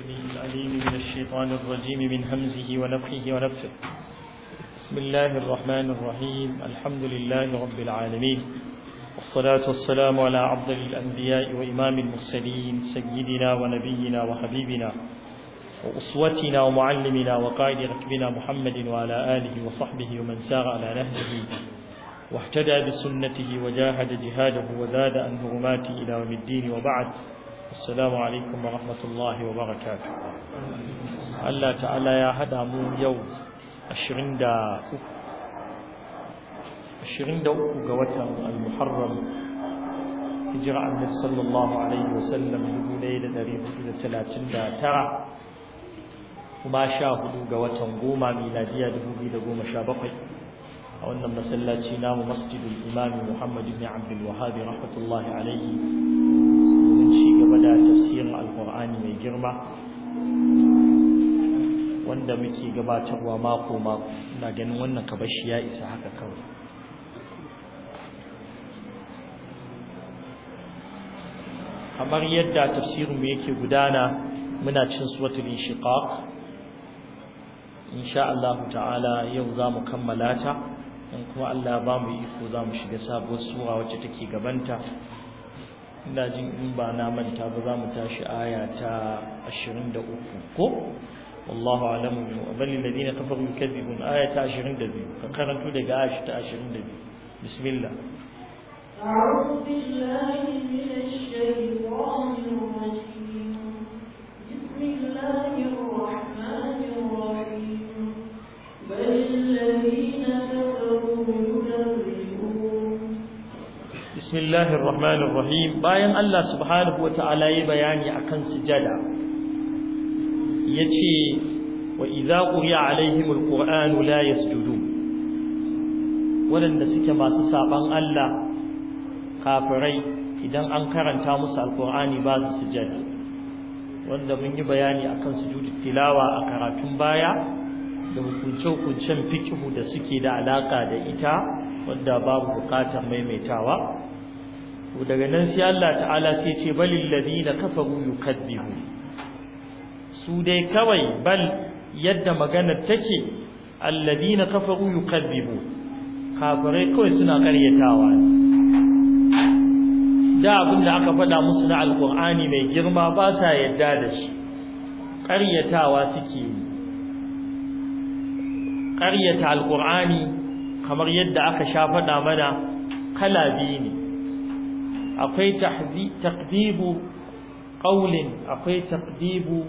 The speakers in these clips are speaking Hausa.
السميع العليم من الشيطان الرجيم من همزه ونفخه ونفثه بسم الله الرحمن الرحيم الحمد لله رب العالمين والصلاة والسلام على عبد الأنبياء وإمام المرسلين سيدنا ونبينا وحبيبنا وأسوتنا ومعلمنا وقائد ركبنا محمد وعلى آله وصحبه ومن سار على نهجه واحتدى بسنته وجاهد جهاده وزاد عن إلى يوم الدين وبعد Assalamu alaikum wa rahmatullahi wa barakatu. Allah ta'ala ya haɗa mu yau 23 ga watan al-muharram hijira annabi sallallahu alaihi wa sallam 1439 kuma 14 ga watan goma miladiya 2017 a wannan masallaci namu masjidul imami muhammad ibn abdul wahhab rahmatullahi alaihi gaba da tafsirin alkur'ani mai girma wanda muke gabatarwa mako mako ina ganin wannan kabashi ya isa haka kawai kamar yadda tafsirin mu yake gudana muna cin suratul inshiqaq insha Allah ta'ala yau za mu kammala ta in kuma Allah ba mu iko za mu shiga sabuwar sura wacce take gabanta ina jin in ba na manta ba za mu tashi aya ta 23 ko wallahu alamu bal alladhina kafaru yukadzibun aya ta 22 ka karanto daga aya ta 22 bismillah أعوذ بالله من الشيطان الله الرحمن الرحيم باين الله سبحانه وتعالى يبياني عن سجدة يتي واذا قري عليهم القران لا يسجدون ولند suke masu saban Allah kafirai idan an karanta musu alqurani ba su sujjada wanda mun yi bayani akan sujudu tilawa a karatun baya da hukuncin hukuncin fikihu da suke da alaƙa da ita wanda babu buƙatar maimaitawa to daga nan sai Allah ta'ala sai ce balil ladina kafaru yukaddibu su dai kawai bal yadda maganar take alladina kafaru yukaddibu kafirai kawai suna karyatawa da abin da aka faɗa musu na alkur'ani mai girma ba sa yadda da shi karyatawa suke yi karyata alƙur'ani kamar yadda aka sha faɗa mana kala biyu ne akwai taqdibu qawlin akwai taqdibu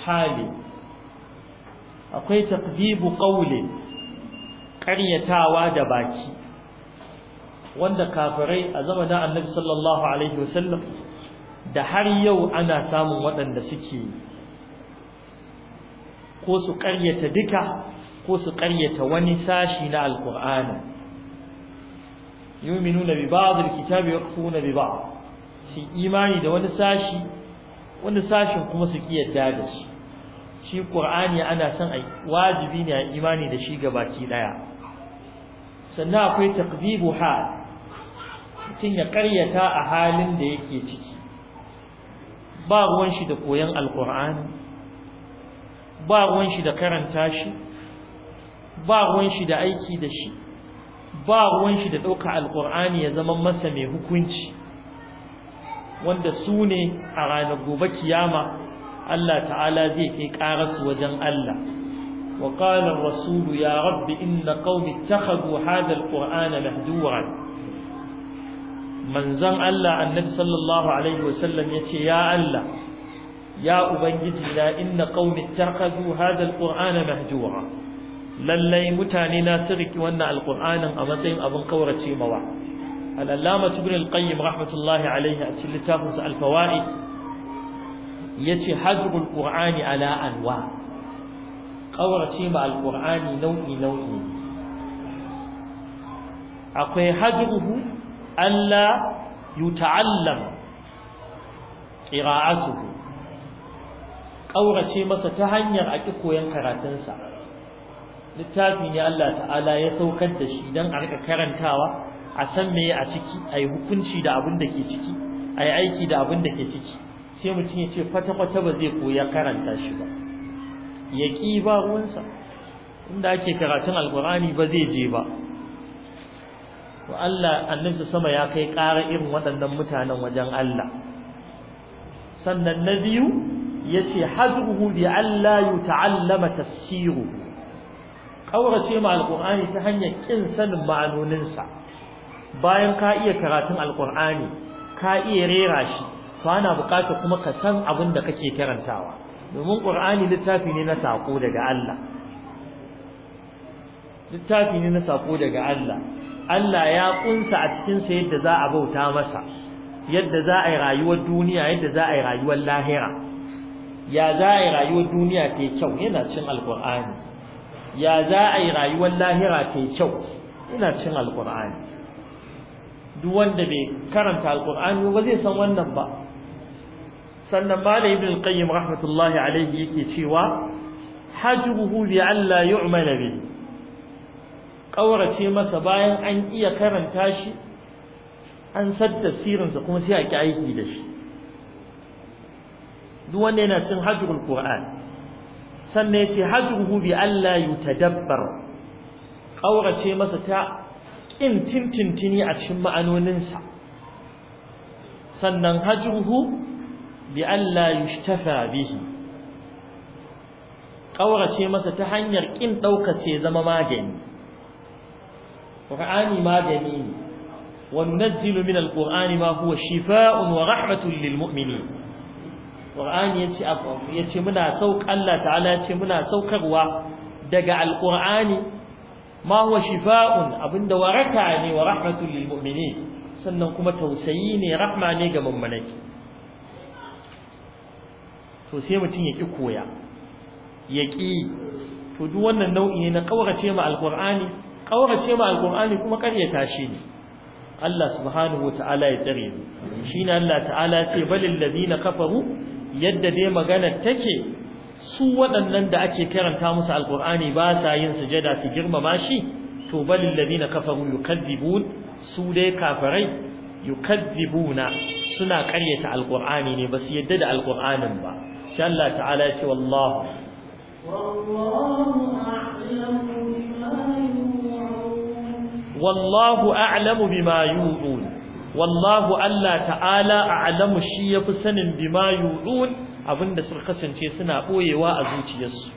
hali akwai taqdibu qawlin qaryatawa da baki wanda kafirai a zamanin Annabi sallallahu alaihi wasallam da har yau ana samun waɗanda suke ko su qaryata duka ko su qaryata wani sashi na alqur'ani yu'minuna bi ba'd al-kitabi yakfuruna bi ba'd shi imani da wani sashi wani sashin kuma su kiyarda da shi shi qur'ani ana son ai wajibi ne imani da shi gabaki daya sannan akwai taqdibu hal mutum ya karyata a halin da yake ciki ba ruwan shi da koyon alqur'ani ba ruwan shi da karanta shi ba ruwan shi da aiki da shi ba ruwan shi da ɗauka alkur'ani ya zama masa mai hukunci wanda su ne a ranar gobe kiyama Allah ta'ala zai kai ƙarasu wajen Allah wa qala rasulu ya rabbi inna qaumi ittakhadhu hadha alqur'ana mahjuran manzon Allah annabi sallallahu alaihi wasallam yace ya Allah ya ubangiji na inna qaumi ittakhadhu hadha alqur'ana mahjura lallai mutane na su riki wannan alƙur'anin a matsayin abin kaurace mawa al'allama ibn al rahmatullahi alaihi a cikin littafin sa al-fawaid yace hajjul qur'ani ala anwa kaurace ma al nau'i nau'i akwai hajjuhu alla yuta'allam qira'atuhu kaurace masa ta hanyar a ƙi koyan karatunsa littafi ne Allah ta'ala ya saukar da shi dan a rika karantawa a san meye a ciki a hukunci da abin da ke ciki a aiki da abin da ke ciki sai mutum ya ce kwata-kwata ba zai koya karanta shi ba ya ƙi ba ruwansa inda ake karatun alkur'ani ba zai je ba wa Allah annabi sama ya kai ƙara irin waɗannan mutanen wajen Allah sannan na biyu ya ce bi alla yu ta'allama tafsiruhu kaurace ma alqur'ani ta hanyar kin sanin ma'anoninsa bayan ka iya karatun alqur'ani ka iya rera shi to ana buƙatar kuma ka san abin da kake karantawa domin ƙur'ani littafi ne na sako daga Allah littafi ne na sako daga Allah Allah ya kunsa a cikin sa yadda za a bauta masa yadda za a yi rayuwar duniya yadda za a yi rayuwar lahira ya za a yi rayuwar duniya ta kyau yana cikin alkur'ani ya za a yi rayuwar lahira ta yi kyau ina cin alƙur'ani duk wanda bai karanta alkur'ani ba zai san wannan ba sannan malam ibn al-qayyim rahmatullahi alaihi yake cewa hajruhu bi alla yu'mala bi kaurace masa bayan an iya karanta shi an sadda sirinsa kuma sai a ki aiki da shi duk wanda yana cin hajrul qur'an sannan yace ce hajjuhu bi Allah yutadabbar ƙaurace masa ta ƙin tintintini a cikin ma'anoninsa sannan hajjuhu bi Allah yushtafa bihi ƙaurace masa ta hanyar ƙin ɗaukace zama magani ƙur'ani magani ne وننزل من القرآن ما هو شفاء ورحمة للمؤمنين qur'ani yace yace muna sauk Allah ta'ala yace muna saukarwa daga alqur'ani ma huwa shifaa'un abinda waraka ne wa rahmatul lil mu'minin sannan kuma tausayi ne rahma ne ga mummunai to sai mutum ya ki koya ya ki to duk wannan nau'i ne na ƙaurace ma alqur'ani Ƙaurace ma alqur'ani kuma karyata shi ne Allah subhanahu wa ta'ala ya tsare mu shine Allah ta'ala ce balil ladina kafaru yadda dai magana take su waɗannan da ake karanta musu alqur'ani ba sa yin sujada su girmama shi to balil ladina kafaru yukaddibun su dai kafirai yukaddibuna suna ƙaryata alqur'ani ne ba su yadda da alqur'anin ba insha Allah ta'ala ce wallahu wallahu a'lamu bima yu'un wallahu a'lamu bima yu'un wallahu Allah ta'ala a'lamu shi yafi sanin bima yu'un abinda suka kasance suna boyewa a zuciyarsu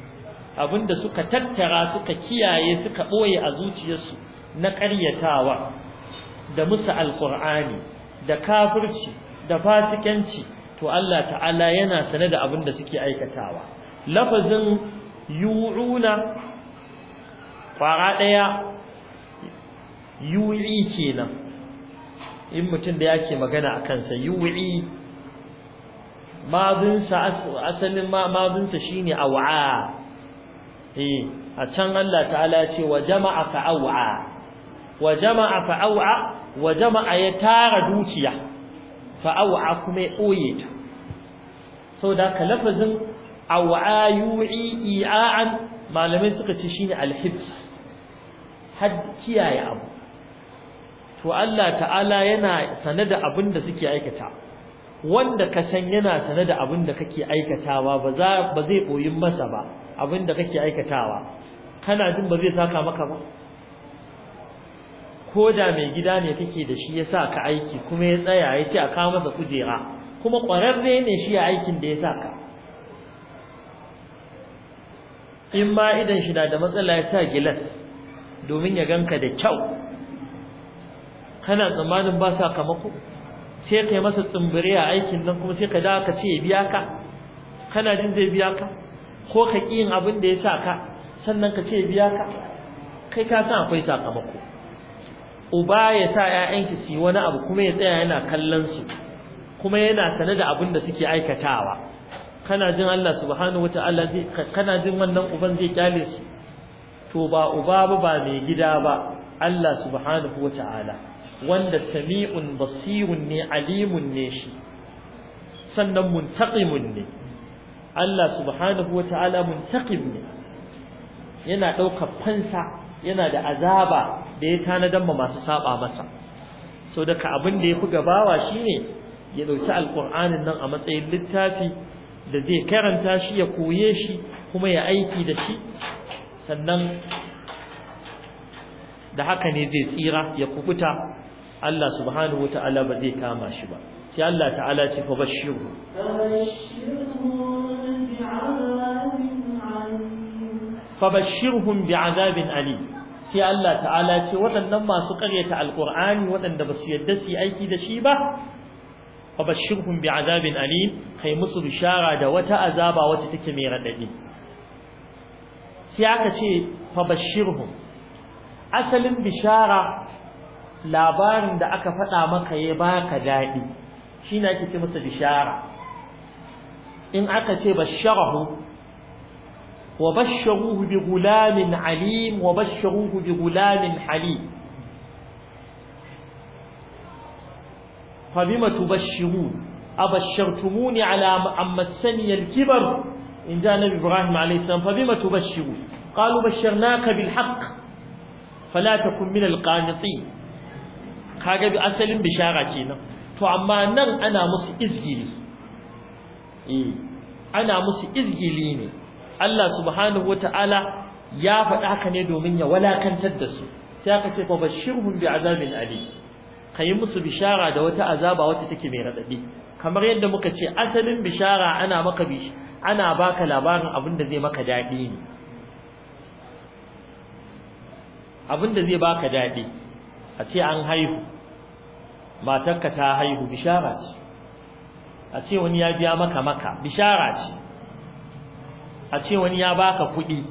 abinda suka tattara suka kiyaye suka boye a zuciyarsu na ƙaryatawa da musu alqur'ani da kafirci da fasikanci to Allah ta'ala yana sane da abinda suke aikatawa lafazin yu'una fara daya yu'i kenan in mutum da yake magana a kansa yuwi madinsa asalin madinsa shine aw'a eh a can Allah ta'ala ce wa jama'a fa aw'a wa jama'a fa aw'a wa jama'a ya tara dukiya fa aw'a kuma ya boye ta so da ka lafazin aw'a yu'i i'an malamai suka ce shine al-hibs had kiyaye abu to Allah ta'ala yana sane da abin da suke aikata wanda ka san yana sane da abin da kake aikatawa ba za ba zai koyin masa ba abin da kake aikatawa kana jin ba zai saka maka ba ko da mai gida ne kake da shi ya sa ka aiki kuma ya tsaya ya ce a kawo masa kujera kuma ƙwararre ne shi a aikin da ya sa in ma idan shi na da matsala ya sa gilas domin ya ganka da kyau kana tsammanin ba sakamako sai kai masa tsumbure a aikin nan kuma sai ka da ka ce biya ka kana jin zai biya ka ko ka ƙi yin abin da ya sa ka sannan ka ce biya ka kai ka san akwai sakamako uba ya sa ƴaƴanki su wani abu kuma ya tsaya yana kallon su kuma yana sane da abin da suke aikatawa kana jin Allah subhanahu wataala zai kana jin wannan uban zai kyale su to ba uba ba ba mai gida ba Allah subhanahu wataala wanda sami'un basirun ne alimun ne shi sannan muntaqimun ne Allah subhanahu Wata'ala muntaqim ne yana ɗaukar fansa yana da azaba da ya tanadan ma masu saba masa so daga abin da ya fi gabawa shine ya ɗauki alƙur'anin nan a matsayin littafi da zai karanta shi ya koye shi kuma ya aiki da shi sannan da haka ne zai tsira ya kukuta Allah subhanahu wa ta'ala ba zai kama shi ba sai Allah ta'ala ce fa bashiru fa bashirhum bi'adabin ali sai Allah ta'ala ce waɗannan masu ƙaryata alqur'ani waɗanda ba su yadda su aiki da shi ba fa bashirhum bi'adabin ali kai musu bishara da wata azaba wacce take mai radadi sai aka ce fa bashirhum asalin bishara labarin da aka fada maka ya baka dadi shi ne ake ce masa bishara in aka ce basharahu wa basharuhu bi gulamin alim wa basharuhu bi gulamin halim fa bima tubashshirun abashartumuni ala amma sani al in ja nabi ibrahim alayhi salam fa bima qalu basharnaka bil haqq fala takun min alqanitin kaga bi asalin bishara kenan to amma nan ana musu izgili eh ana musu izgili ne Allah subhanahu wataala ya faɗa haka ne domin ya walakantar da su sai aka ce fa bashirhum bi azabin Ka yi musu bishara da wata azaba wacce take mai radadi kamar yadda muka ce asalin bishara ana maka bi ana baka labarin abin da zai maka dadi ne abin da zai baka dadi a ce an haihu matarka ta haihu bishara ce a ce wani ya biya maka maka bishara ce a ce wani ya baka kuɗi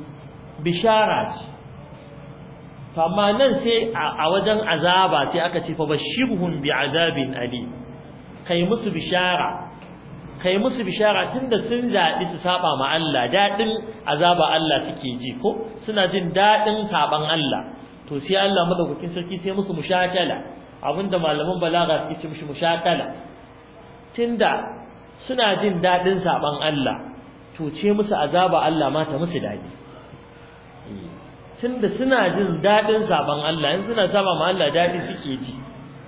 bishara ce amma nan sai a wajen azaba sai aka ce fa bashirhum azabin ali kai musu bishara kai musu bishara tunda sun zaɗi su saba ma Allah daɗin azaba Allah suke ji ko suna jin daɗin saban Allah to sai Allah madaukakin sarki sai musu mushakala abinda malaman balaga suke ce mishi mushakala tunda suna jin dadin saban Allah to ce musu azaba Allah ma ta musu dadi tunda suna jin dadin saban Allah in suna saba ma Allah dadi suke ji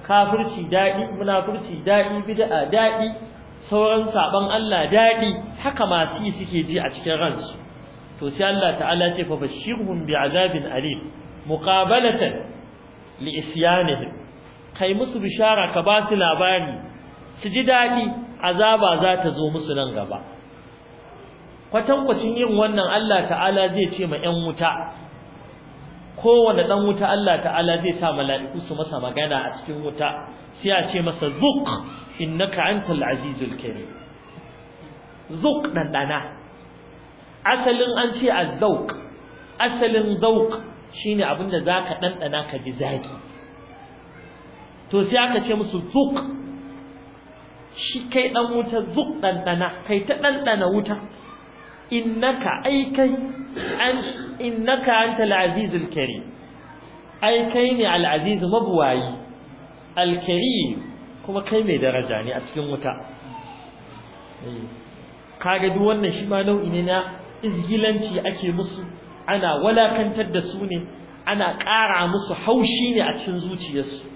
kafirci dadi munafurci dadi bid'a dadi sauran saban Allah dadi haka ma su suke ji a cikin ransu to sai Allah ta'ala ce fa bashirhum azabin alim muqabalatan li isyanihim kai musu bishara ka ba su labari su ji daɗi azaba za ta zo musu nan gaba kwatankwacin yin wannan Allah ta'ala zai ce ma 'yan wuta kowane ɗan wuta Allah ta'ala zai sa mala'iku su masa magana a cikin wuta sai a ce masa zuk innaka antal azizul karim dan ɗanɗana asalin an ce azzauq asalin zauk shine abinda zaka ɗanɗana ka ji zaki to sai aka ce musu zuk shi kai dan wuta zuk dandana kai ta dandana wuta innaka ai kai an innaka anta al-aziz al-karim ai kai ne al-aziz mabwayi al-karim kuma kai mai daraja ne a cikin wuta eh, kaga duk wannan shi ma nau'i ne na izgilanci ake musu ana walakantar da su ne ana ƙara musu haushi ne a cikin zuciyarsu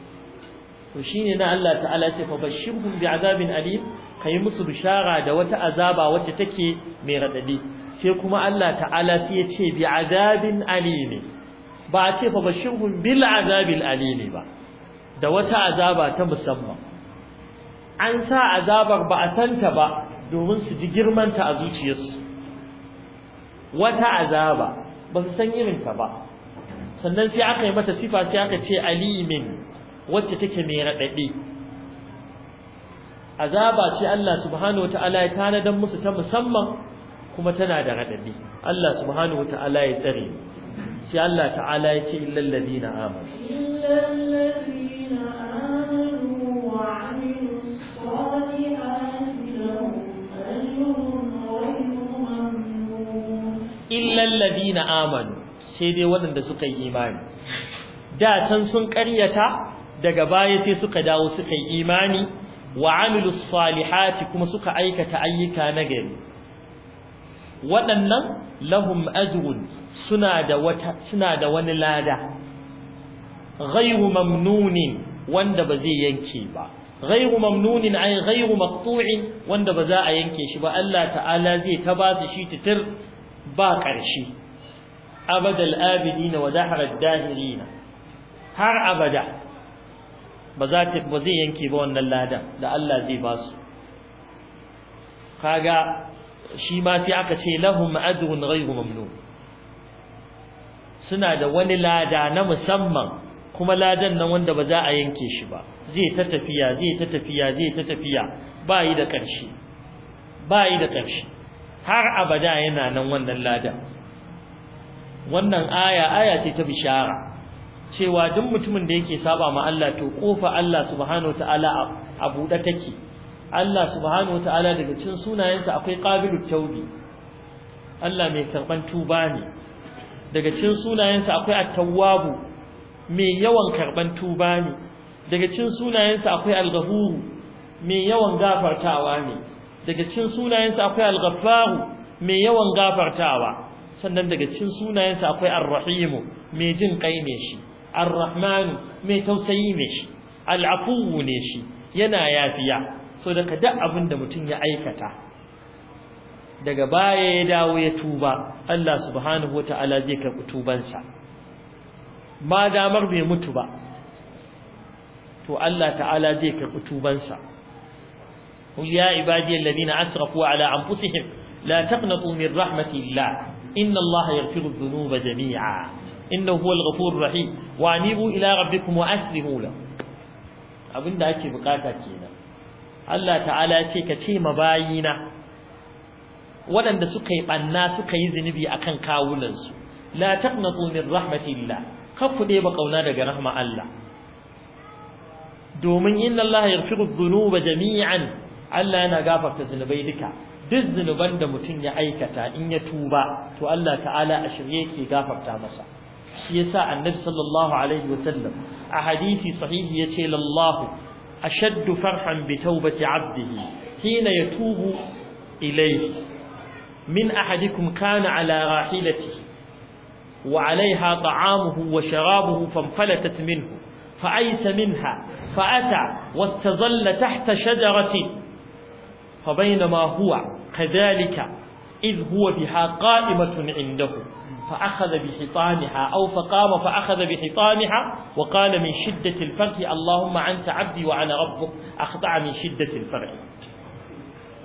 to shine na Allah ta'ala ya ce fa bashirhum bi'azabin alim kai musu bishara da wata azaba wacce take mai radadi sai kuma Allah ta'ala ya ce bi'azabin alim ba a ce fa bashirhum bil azabil alim ba da wata azaba ta musamman an sa azabar ba a santa ba domin su ji girman ta a zuciyarsu wata azaba ba su san irin ta ba sannan sai aka yi mata sifa sai aka ce alimin wacce take mai raɗaɗi azaba ce Allah subhanahu wataala ya tanadan musu ta musamman kuma tana da raɗaɗi Allah subhanahu wataala ya tsare sai Allah ta'ala ya ce illal ladina amanu illal ladina amanu wa amilus salihati lahum ajrun ghayru mamnun illal ladina amanu sai dai waɗanda suka yi imani da tan sun ƙaryata daga baya sai suka dawo suka yi imani wa amilus salihati kuma suka aikata ayyuka na gari waɗannan lahum ajrun suna da wata suna da wani lada ghayru mamnunin wanda ba zai yanke ba ghayru mamnunin ay ghayru maqtu'in wanda ba za a yanke shi ba Allah ta'ala zai ta ba shi titir ba ƙarshe abadal abidina wa dahara dahirina har abada ba za ta ba zai yanke ba wannan lada, da Allah zai ba su kaga shi ma sai aka ce lahum ajrun ghayru mamnun suna da wani lada na musamman kuma ladan nan wanda ba za a yanke shi ba zai ta tafiya zai ta tafiya zai ta tafiya ba yi da karshe ba yi da ƙarshe har abada yana nan wannan ladan wannan aya aya ce ta bishara cewa duk mutumin da yake saba ma Allah to kofa Allah subhanahu wataala a buɗe take Allah subhanahu wataala daga cikin sunayensa akwai qabilu taubi Allah mai karban tuba ne daga cikin sunayensa akwai at-tawwabu mai yawan karban tuba ne daga cikin sunayensa akwai al-ghafuru mai yawan gafartawa ne daga cikin sunayensa akwai al-ghaffaru mai yawan gafartawa sannan daga cikin sunayensa akwai ar-rahimu mai jin kai ne shi ar-rahmanu mai tausayi ne shi al'afuwu ne shi yana yafiya so daga duk abin da mutum ya aikata daga baya ya dawo ya tuba Allah subhanahu ta'ala zai karɓi tubansa ma damar bai mutu ba to Allah ta'ala zai karɓi tubansa ya ibadiyal ladina asrafu ala anfusihim la taqnatu min rahmatillah inna Allah yaghfiru dhunuba jami'a inna huwal ghafurur rahim wa anibu ila rabbikum wa aslimu la abinda ake bukata kenan Allah ta'ala ce ka ce mabayina waɗanda suka yi banna suka yi zinubi akan kawunansu la taqnatu min rahmatillah kafu ne ba kauna daga rahma Allah domin inna Allah yaghfiru dhunuba jami'an Allah yana gafarta zunubai duka duk zinuban da mutum ya aikata in ya tuba to Allah ta'ala a shirye ke gafarta masa shi yasa annabi sallallahu alaihi wasallam a hadisi sahihi yace lallahu ashaddu farhan bi tawbati abdihi hina yatubu ilayhi min ahadikum kana ala rahilatihi وعليها طعامه وشرابه فانفلتت منه فأيس منها فأتى واستظل تحت شجرة فبينما هو كذلك إذ هو بها قائمة عنده فأخذ بحطامها أو فقام فأخذ بحطامها وقال من شدة الفرح اللهم أنت عبدي وأنا ربك أخطع من شدة الفرح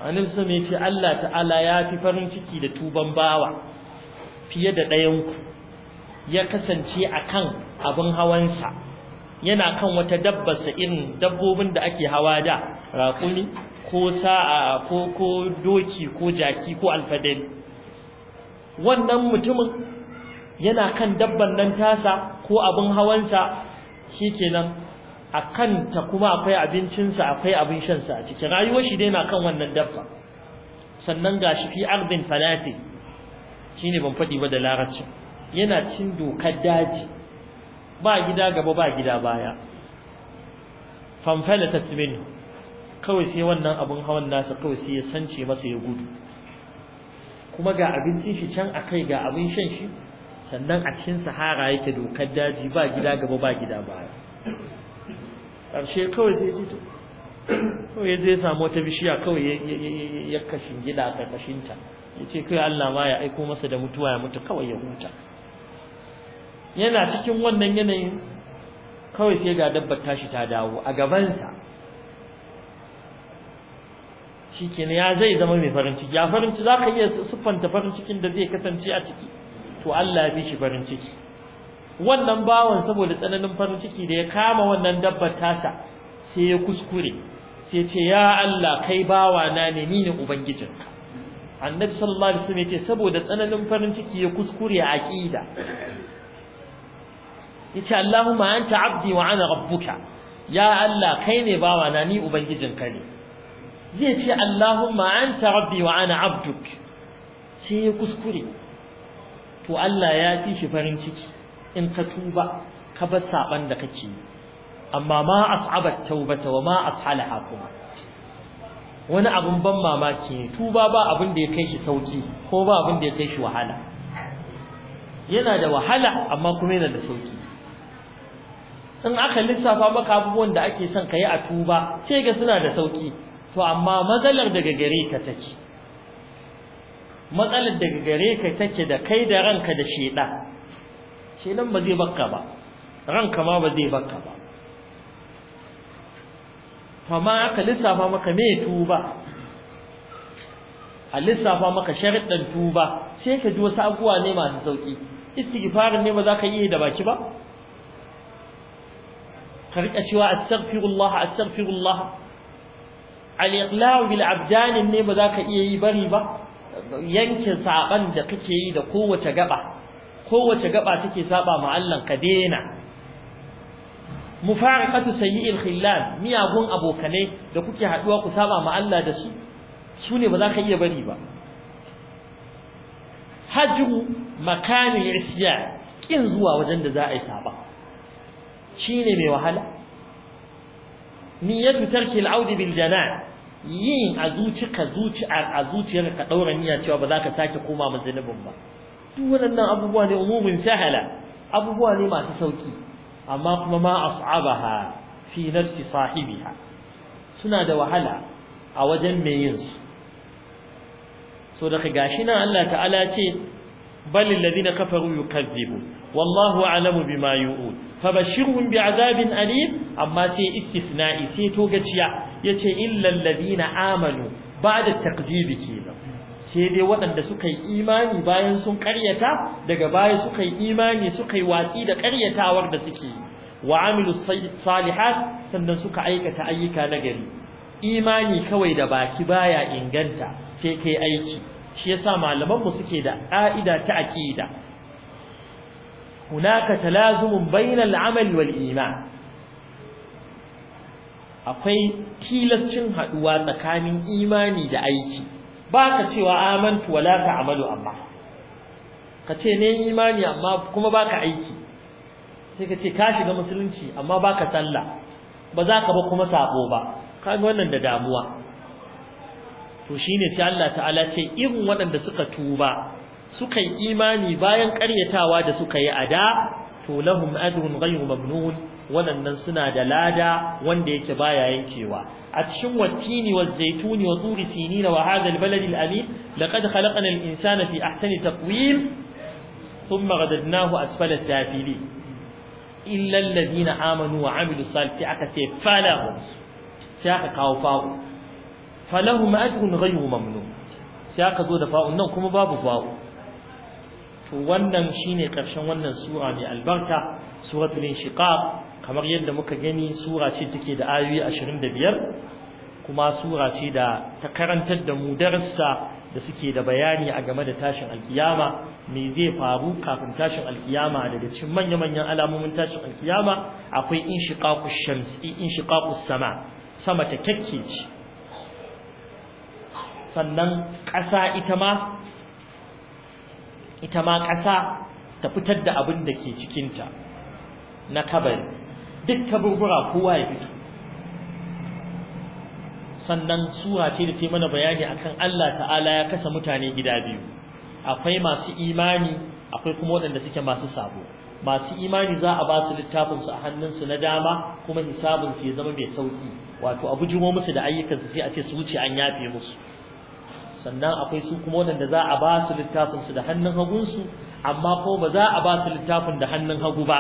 أنا سمع يتي تعالى يا فرن ciki da tuban bawa fiye da ɗayan ya kasance akan abin hawansa yana kan wata dabbar sa irin dabbobin da ake hawa da raƙumi ko sa'a ko ko doki ko jaki ko alfadari wannan mutumin yana kan dabban nan tasa ko abin hawansa nan, a kanta kuma akwai abincinsa akwai abin shansa a cikin rayuwar shi dai na kan wannan dabba sannan ga shi fi ardin falati shine ban faɗi ba da larabci yana cin dokar daji ba gida gaba ba gida baya ta tsibin kawai sai wannan abin hawan nasa kawai sai ya sance masa ya gudu kuma ga abincin shi can akai ga abin shan shi sannan a cikin sahara yake dokar daji ba gida gaba ba gida baya ƙarshe kawai zai ji to kawai zai samu wata bishiya kawai ya kashin gida a ƙarƙashinta ya ce kai Allah ma ya aiko masa da mutuwa ya mutu kawai ya huta yana cikin wannan yanayin kawai sai ga dabbar tashi ta dawo a gabansa shi ya zai zama mai farin ciki ya farin ciki za ka iya siffanta farin cikin da zai kasance a ciki to Allah ya bi shi farin ciki wannan bawan saboda tsananin farin ciki da ya kama wannan dabbar tasa sai ya kuskure sai ce ya Allah kai bawa na ne ni ne ubangijinka annabi sallallahu alaihi wasallam yace saboda tsananin farin ciki ya kuskure a aqida yace Allahumma anta abdi wa ana rabbuka ya Allah kai ne bawa na ni ubangijinka ne zai ce Allahumma anta rabbi wa ana abduk sai ya kuskure to Allah ya fi shi farin ciki in ka tuba ka bar saban da kake yi amma ma as'abat tawbata wa ma ashalaha kuma wani abun ban mamaki ne tuba ba abin da ya kai shi sauki ko ba abin da ya kai shi wahala yana da wahala amma kuma yana da sauki in aka lissafa maka abubuwan da ake son ka yi a tuba sai ga suna da sauki to amma matsalar daga gare ka take matsalar daga gare ka take da kai da ranka da shedan shedan ba zai bakka ba ranka ma ba zai bakka ba fama aka lissafa maka me tuba a lissafa maka sharuɗan tuba sai ka ji wasu abubuwa ne masu sauƙi istighfarin ne ba za ka yi da baki ba ka riƙa cewa astaghfirullah astaghfirullah al-iqla'u bil abdan ne ba za ka iya yi bari ba yankin saban da kake yi da kowace gaba kowace gaba take saba ma Allah ka dena mufaraqatu sayyi'il khillal miyagun abokanai da kuke haduwa ku saba ma Allah da su sune ba za ka iya bari ba hajru makamin isyan kin zuwa wajen da za a yi saba shine mai wahala niyyatu tarki al-audi bil janan yin a zuci ka zuci a zuciyar ka ɗaura niyya cewa ba za ka sake koma ma zinubin ba duk waɗannan abubuwa ne umumin sahala abubuwa ne masu sauki amma kuma ma as'abaha fi nafsi sahibiha suna da wahala a wajen mai yin su so daga gashi nan Allah ta'ala ce bi بل الذين كفروا يكذبون والله أعلم بما يؤون فبشرهم بعذاب أليم gaciya. Yace in قتيا na إلا ba da بعد التقديد كيلا sede wadanda suka yi imani bayan sun karyata daga baya suka yi imani suka watsi da karyatawar da suke wa amilu salihat sannan suka aikata ayyuka na gari imani kawai da baki baya inganta sai kai aiki shi yasa malaman mu suke da ƙa'ida ta aqida hunaka talazumun bainal amali wal iman akwai tilascin haduwa tsakanin imani da aiki ba ka cewa amantu wala ka amalu amma ka ce ne imani amma kuma baka aiki sai ka ce ka shiga musulunci amma baka sallah ba za ka ba kuma sabo ba kaga wannan da damuwa to shine sai Allah ta'ala ce irin waɗanda suka tuba suka yi imani bayan ƙaryatawa da suka yi ada to lahum ajrun ghayru mamnun waɗannan suna da lada wanda yake baya yankewa a cikin wattini wa zaituni wa turi sinin wa hadha albalad alamin laqad khalaqna al-insana fi ahsani taqwim thumma radadnahu asfala safili illa alladhina amanu wa amilu salihati aka ce falahum sai aka kawo fawo falahu ajrun ghayru mamnun sai aka zo da fa'un nan kuma babu fa'u to wannan shine karshen wannan sura mai albarka suratul inshiqaq kamar yadda muka gani sura ce take da ayoyi 25 kuma sura ce da ta karantar da mu darussa da suke da bayani a game da tashin alkiyama me zai faru kafin tashin alkiyama daga cikin manya-manyan alamomin tashin alkiyama akwai inshiqaqus shamsi inshiqaqus sama sama ta kekkece sannan ƙasa ita ma ita ma ƙasa ta fitar da abin da ke cikinta na kabari duk burbura kowa ya fito sannan sura ce da ta mana bayani akan Allah ta'ala ya kasa mutane gida biyu akwai masu imani akwai kuma waɗanda suke masu sabo masu imani za a ba su littafin su a hannunsu na dama kuma hisabin su ya zama mai sauki wato a bujimo musu da ayyukansu sai a ce su wuce an yafe musu sannan akwai su kuma wanda za a ba su littafin su da hannun hagun su amma ko ba za a ba su littafin da hannun hagu ba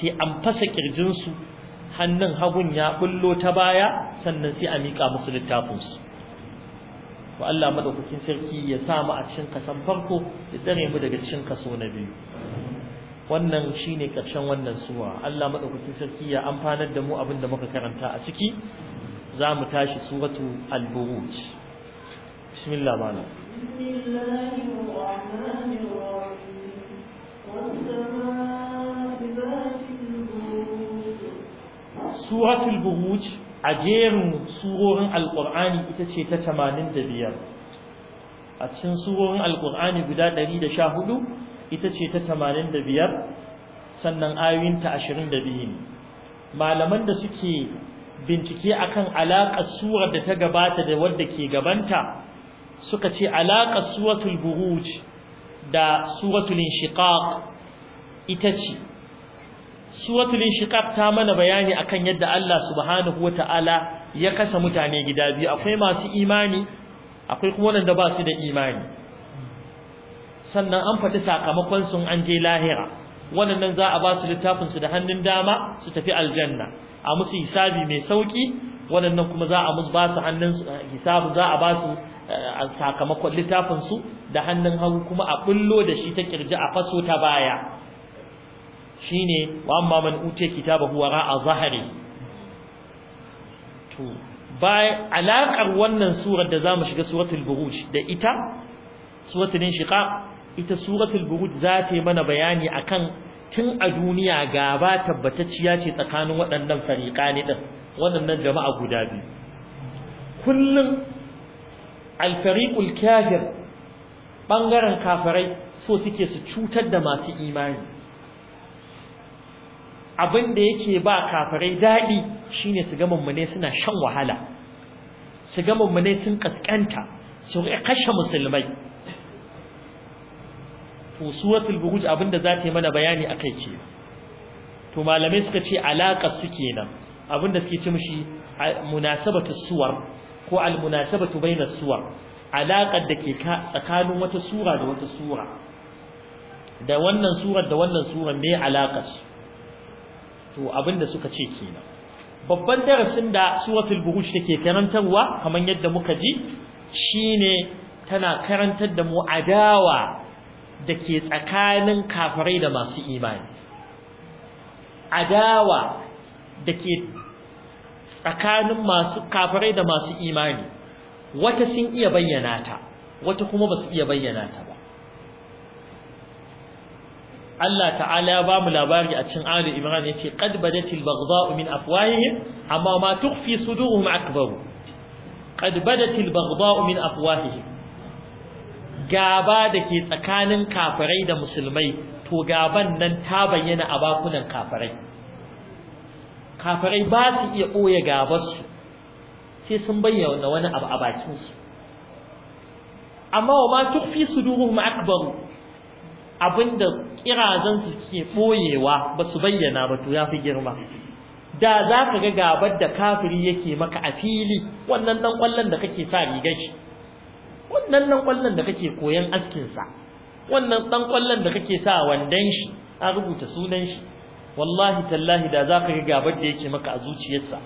sai an fasa kirjin su hannun hagun ya bullo ta baya sannan sai a mika musu littafin su wa Allah madaukakin sarki ya sa mu a cikin kasan farko ya tsare mu daga cikin kaso na biyu wannan shine karshen wannan suwa Allah madaukakin sarki ya amfanar da mu abin da muka karanta a ciki za mu tashi suratu al-buruj بسم الله معنا الرحمن الرحيم سورة البروج أجير سورة القرآن إتشي تتمانين دبيان أتشن سورة القرآن بدا دريد شاهد إتشي تتمانين دبيان سنن آيوين تأشرين da ما لمن دسكي بنتكي suke bincike السورة alaƙar surar da ta suka ce alaƙa Suwatul buruj da Suwatul inshiqaq ita ce Suwatul inshiqaq ta mana bayani akan yadda Allah subhanahu wata'ala ya kasa mutane gida biyu akwai masu imani akwai kuma wanda ba su da imani sannan an faɗi sakamakon sun an je lahira waɗannan za a ba su littafin su da hannun dama su tafi aljanna a musu hisabi mai sauki waɗannan kuma za a musu ba su hannun hisabu za a ba su A sakamakon littafin su da hannun hagu kuma a bullo da shi ta kirji a faso ta baya shine wa amma man uce kitabahu huwara a zahari to bai alakar wannan surar da zamu shiga suratul buruj da ita suratul inshiqaq ita suratul buruj za ta yi mana bayani akan tun a duniya gaba tabbatacciya ce tsakanin waɗannan fariƙa ne ɗin waɗannan jama'a guda biyu kullum alfariƙul kafir ɓangaren kafirai so suke su cutar da masu imani abin da yake ba kafirai daɗi shine su ga mummune suna shan wahala su ga mummune sun kaskanta su kashe musulmai to suwatul buruj abinda za ta yi mana bayani akai ce to malamai suka ce alaƙa su kenan abinda suke ci mishi munasabatu suwar ko almunasabatu bainas suwar alaƙar da ke tsakanin wata sura da wata sura da wannan surar da wannan surar me alaƙar su to abinda suka ce kenan babban darasin da suratul buruj take karantarwa kamar yadda muka ji shine tana karantar da mu adawa da ke tsakanin kafirai da masu imani adawa da ke tsakanin masu kafirai da masu imani wata sun iya bayyana ta wata kuma basu iya bayyana ta ba Allah ta'ala ya ba mu labari a cikin Ali Imran yace qad badatil baghdha'u min afwahihim amma ma tukhfi suduruhum akbar qad badatil baghdha'u min afwahihim gaba da ke tsakanin kafirai da musulmai to gaban nan ta bayyana a bakunan kafirai kafirai ba su iya ɓoye gabarsu sai sun bayyana wani abu a bakinsu amma wa ma tukfi suduruhum akbaru abinda kirazansu ke ɓoyewa ba su bayyana ba to ya fi girma da za ka ga gabar da kafiri yake maka a fili wannan dan kwallon da kake sa rigar shi wannan dan kwallon da kake koyan askinsa wannan dan kwallon da kake sa wandan shi a rubuta sunan shi wallahi tallahi da za ka ga gabar da yake maka a zuciyarsa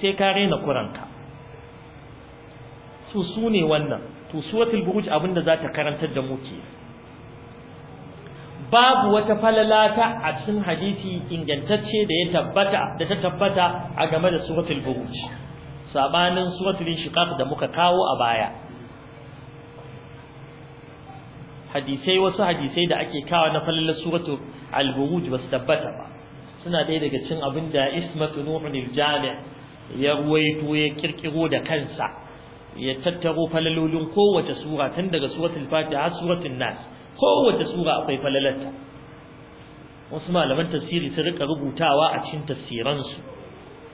sai ka raina kuranka su su ne wannan to suratul buruj abinda za ta karantar da muke. babu wata falalata a cikin hadisi ingantacce da ya tabbata da ta tabbata a game da suratul buruj sabanin suratul shiqaq da muka kawo a baya hadisai wasu hadisai da ake kawo na falalla suratu al-buruj ba su tabbata ba suna ɗaya daga cin abin da ismat nuhun al-jami ya ruwaito ya kirkiro da kansa ya tattaro falalolin kowace sura tun daga suratul fatiha har suratul nas kowace sura akwai falalarta wasu malaman tafsiri sun rika rubutawa a cikin tafsiransu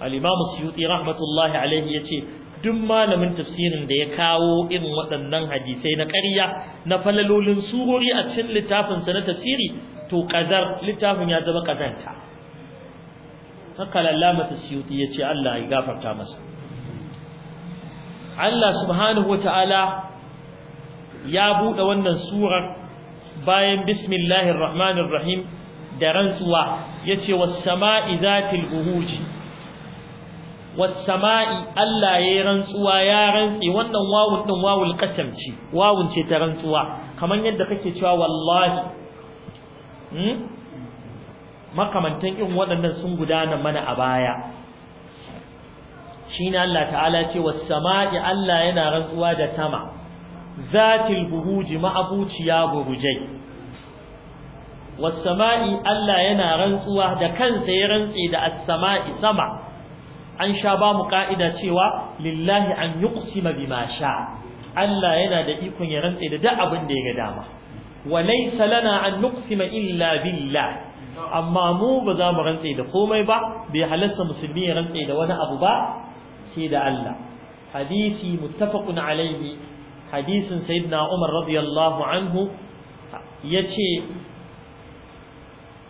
al-imam suyuti rahmatullahi alaihi yace duk malamin tafsirin da ya kawo irin waɗannan hadisai na ƙarya na falalolin surori a cikin littafin sa na tafsiri to qadar littafin ya zama kazanta haka lallama ya ce Allah ya gafarta masa Allah subhanahu Ta'ala ya buɗe wannan surar bayan bismillahir rahmanir rahim da rantsuwa yace was sama'i zatil buhuji wasama'i Allah yayi rantsuwa ya rantsi wannan wawun din wawul qasam wawun ce ta rantsuwa kaman yadda kake cewa wallahi hmm makamantan in waɗannan sun gudana mana a baya shine Allah ta'ala ce wasama'i Allah yana rantsuwa da sama zatil buhuji ma'abuciya burujai wasama'i Allah yana rantsuwa da kansa ya rantsi da as-sama'i sama an sha ba mu ka'ida cewa lillahi an yuqsima bima sha Allah yana da ikon ya rantse da duk abin da ya ga dama wa laysa lana an nuqsima illa billah amma mu ba za mu rantse da komai ba bai halasta musulmi ya rantse da wani abu ba sai da Allah hadisi muttafaqun alaihi hadisin sayyidina Umar radiyallahu anhu yace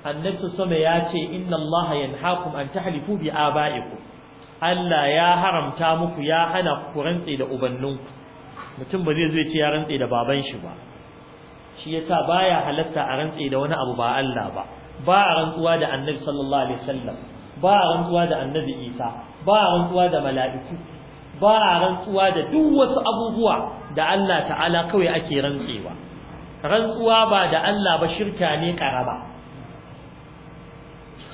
annabi sama ya ce inna allaha yanhaakum an tahlifu bi abaikum Allah ya haramta muku ya hana ku rantse da ubanninku mutum ba zai zo ci ya rantse da baban shi ba shi yasa baya halatta a rantse da wani abu ba Allah ba ba a rantsuwa da Annabi sallallahu alaihi wasallam ba a rantsuwa da Annabi Isa ba a rantsuwa da mala'iku ba a rantsuwa da duk wasu abubuwa da Allah ta'ala kawai ake rantsewa rantsuwa ba da Allah ba shirka ne karama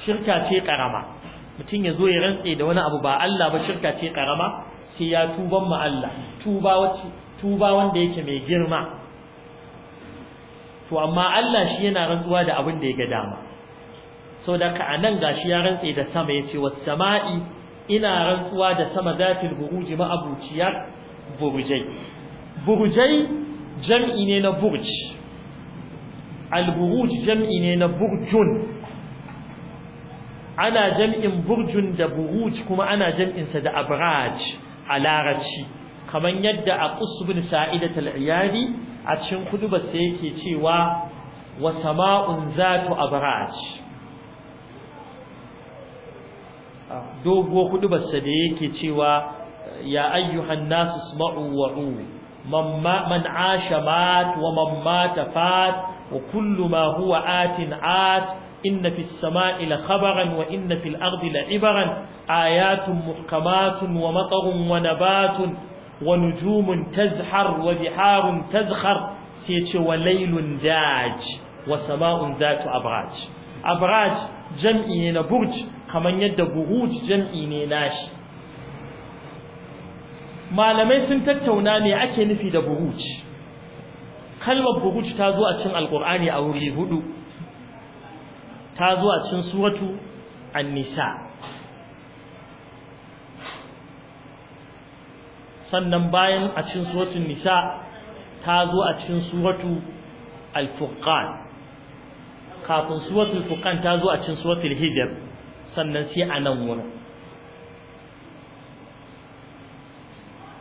shirka ce karama mutum ya zo ya rantse da wani abu ba Allah ba shirka ce karama sai ya tuban ma Allah tuba wace tuba wanda yake mai girma to amma Allah shi yana rantsuwa da abin da ya ga dama so da ka anan gashi ya rantse da sama yace was sama'i ina rantsuwa da sama zatil buruji ma abuciyar burujai burujai jam'i ne na burj al buruj jam'i ne na burjun ana jam'in burjun da buruj kuma ana jam'insa da abraj a larabci kamar yadda a usbin sa'idat al-iyadi a cikin kudubar sa yake cewa wa sama'un zatu abraj dogo kudubar sa da yake cewa ya ayyuhan nasu isma'u man man asha mat wa man tafat, wa kullu ma huwa atin at inna fi sama'i la khabaran wa inna fil ardi la ibaran ayatun muhkamatun wa matarun wa nabatun wa nujumun tazhar wa biharun tazhar sai ce wa lailun daj wa sama'un zatu abraj abraj jam'i ne na burj kaman yadda buruj jam'i ne nashi malamai sun tattauna me ake nufi da buruj kalmar buruj ta zo a cikin alqur'ani a wuri hudu ta zo a cikin suratu an-nisa sannan bayan a cikin suratul nisa ta zo a cikin suratu al-furqan kafin al furqan ta zo a cikin suratul hijr sannan sai a nan wurin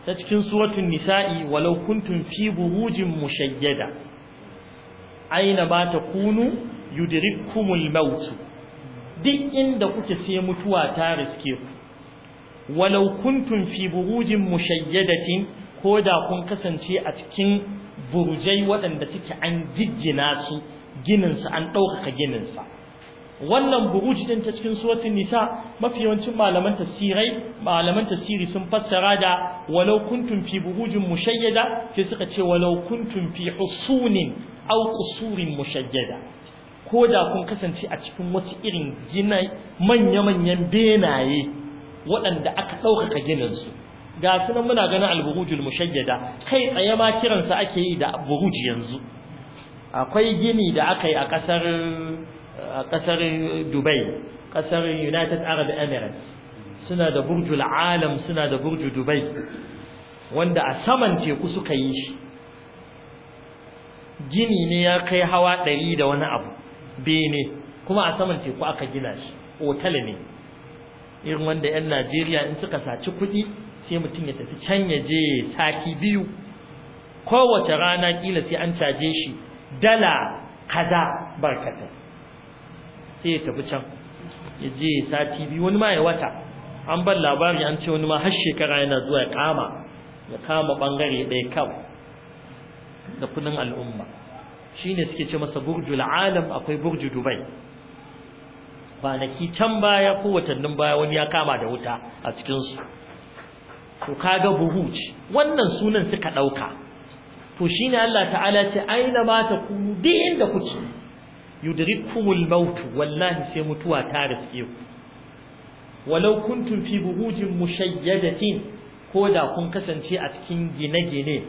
ta cikin suratul nisa'i walau kuntum fi buhujin mushayyada aina ba ta kunu yudrikkumul maut duk inda kuke sai mutuwa ta riske ku walau kuntum fi burujin mushayyadatin ko da kun kasance a cikin burjai waɗanda suke an jijjina su gininsa an ɗaukaka ginin sa wannan buruj din ta cikin suratul nisa mafi yawancin malaman tafsirai malaman tafsiri sun fassara da walau kuntum fi burujin mushayyada sai suka ce walau kuntum fi husunin aw qusurin mushayyada ko da kun kasance a cikin wasu irin gina manya-manyan benaye waɗanda aka ɗaukaka ginansu. ga sunan muna ganin alburujul mushayyada kai tsaye ma kiransa ake yi da buruji yanzu akwai gini da aka yi a ƙasar a ƙasar Dubai ƙasar United Arab Emirates suna da burjul alam suna da burju Dubai wanda a saman teku suka yi shi gini ne ya kai hawa ɗari da wani abu bene kuma a saman teku aka gina shi otal ne irin wanda 'yan najeriya in suka saci kuɗi sai mutum ya tafi can ya je sati biyu kowace rana kila sai an caje shi dala kaza barkata sai ya tafi can ya je sati biyu wani ma ya wata an bar labari an ce wani ma har shekara yana zuwa ya kama ya kama bangare ɗaya kawai da kudin al'umma shine suke ce masa burjul alam akwai burju dubai Ba na ki can baya ko watannin baya wani ya kama da wuta a cikin su to ga buhuj wannan sunan suka ɗauka. to shine Allah ta'ala ce aina ma ta ku duk inda kuke yudrikumul maut wallahi sai mutuwa ta riske ku walau kuntum fi buhujin mushayyadatin ko da kun kasance a cikin gine-gine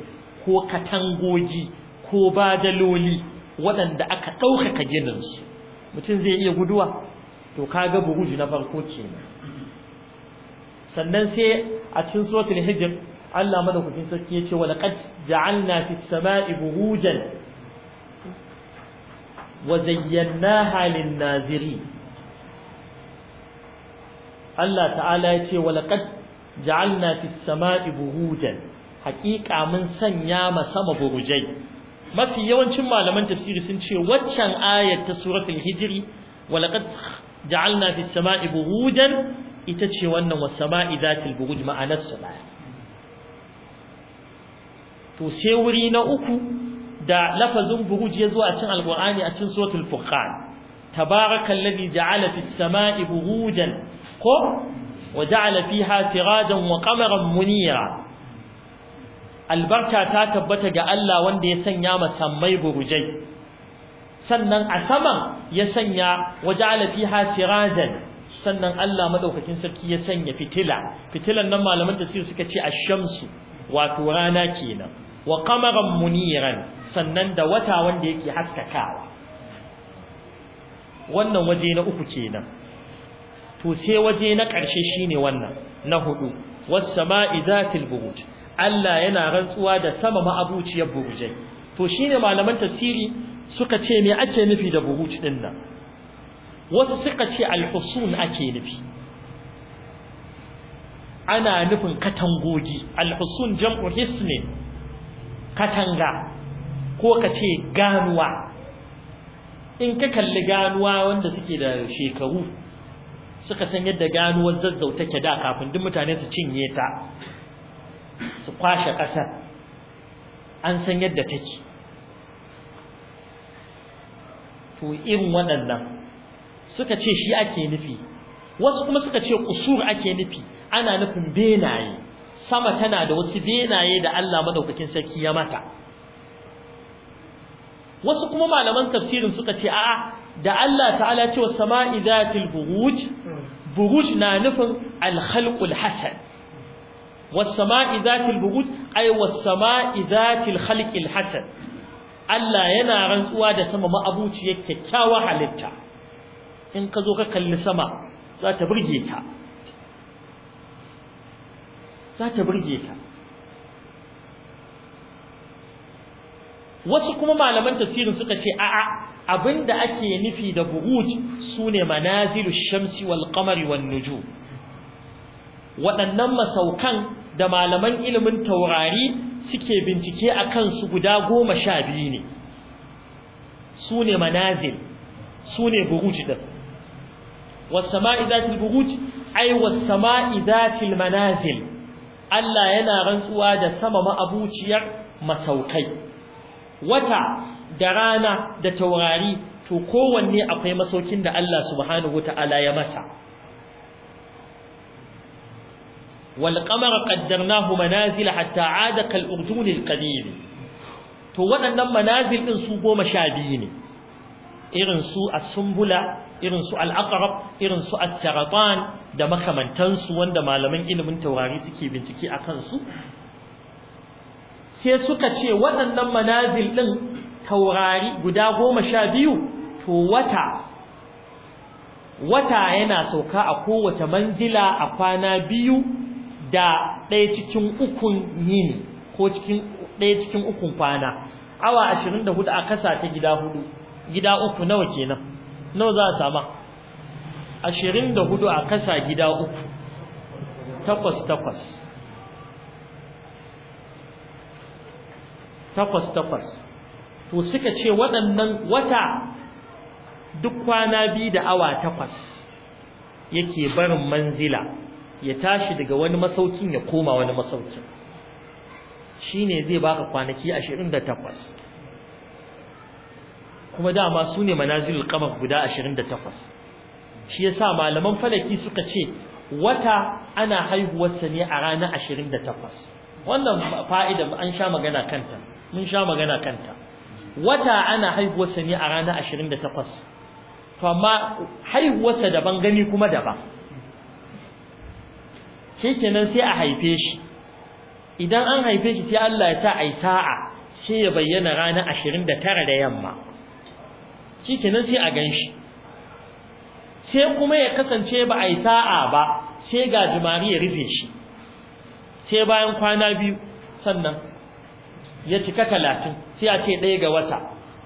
ko katangoji ko badaloli waɗanda aka ɗaukaka gininsu mutum zai iya guduwa to kaga buruji na farko kenan sannan sai a cikin suratul hijr Allah madaukakin sarki yace wa laqad ja'alna fis sama'i buhujan wa zayyanaha halin naziri Allah ta'ala yace wa laqad ja'alna fis sama'i buhujan haqiqa mun sanya ma sama burujai mafi yawancin malaman tafsiri sun ce waccan ayat ta suratul hijri walaqad ja'alna fis sama'i burujan ita ce wannan was sama'i zatil buruj ma'anar su to sai wuri na uku da lafazin buruj ya zo a cikin alqur'ani a cikin suratul furqan tabarakal ladhi ja'ala fis sama'i buhujan ko وجعل فيها wa وقمرا Munira? albarka ta tabbata ga Allah wanda ya sanya masammai burujai sannan a saman ya sanya waja'ala fiha sirajan sannan Allah madaukakin sarki ya sanya fitila fitilan nan malaman tafsir suka ce ash-shamsu wato rana kenan wa qamaran muniran sannan da wata wanda yake haskakawa wannan waje na uku kenan to sai waje na ƙarshe shine wannan na hudu was sama'i zatil buruj Allah yana rantsuwa da sama ma'abuciyar burujai to shine malaman tafsiri suka ce me ake nufi da buruj din nan wasu suka ce al-husun ake nufi ana nufin katangogi al-husun jam'u hisne katanga ko ka ce ganuwa in ka kalli ganuwa wanda suke da shekaru suka san yadda ganuwar zazzau take da kafin duk mutane su cinye ta su kwashe ƙasar an san yadda take to irin waɗannan suka ce shi ake nufi wasu kuma suka ce kusur ake nufi ana nufin benaye sama tana da wasu benaye da Allah madaukakin sarki ya mata wasu kuma malaman tafsirin suka ce a'a da Allah ta'ala ce wa sama'i zatil buruj buruj na nufin al hasad والسماء ذات البغوت أي والسماء ذات الخلق الحسن Allah yana rantsuwa da sama ma'abuciyar kyakkyawar halitta in ka zo ka kalli sama za ta burge ta wasu kuma malaman tafsirin suka ce a'a abinda ake nufi da buruj sune manazilu shamsi wal qamari wan nujum waɗannan masaukan da malaman ilimin taurari suke bincike a kansu guda goma sha biyu ne su ne manazil su ne buruj ɗin wasama'i zatil buruj ai wasama'i zatil manazil Allah yana rantsuwa da sama ma'abuciyar masaukai wata da rana da taurari to kowanne akwai masaukin da Allah subhanahu wa ta'ala ya masa والقمر قدرناه منازل حتى عاد كالأردون القديم to waɗannan manazil ɗin su goma sha biyu ne irin su as-sumbula al-aqrab irin su da makamantansu wanda malaman ilimin taurari suke bincike a kansu sai suka ce waɗannan manazil ɗin taurari guda goma sha biyu to wata wata yana sauka a kowace manzila a kwana biyu da ɗaya cikin ukun yini ko ɗaya cikin ukun kwana awa ashirin da hudu a kasa ta gida hudu gida uku nawa kenan nawa za a sama ashirin da hudu a kasa gida uku takwas takwas takwas takwas to suka ce waɗannan wata duk kwana biyu da awa takwas yake barin manzila ya tashi daga wani masaukin ya koma wani masaukin shine zai baka kwanaki 28 kuma dama su ne manazilul qamar guda 28 shi yasa malaman falaki suka ce wata ana haihuwarsa ne a ranar 28 wannan fa'ida an sha magana kanta mun sha magana kanta wata ana haihuwarsa ne a ranar 28 to amma haihuwarsa daban gani kuma daban kenan sai a haife shi idan an haife shi sai Allah ya ta ai sa'a sai ya bayyana ranar 29 da yamma kenan sai a ganshi sai kuma ya kasance ba ai sa'a ba sai ga jumari ya rufe shi sai bayan kwana biyu sannan ya cika 30 sai a ce ɗaya ga wata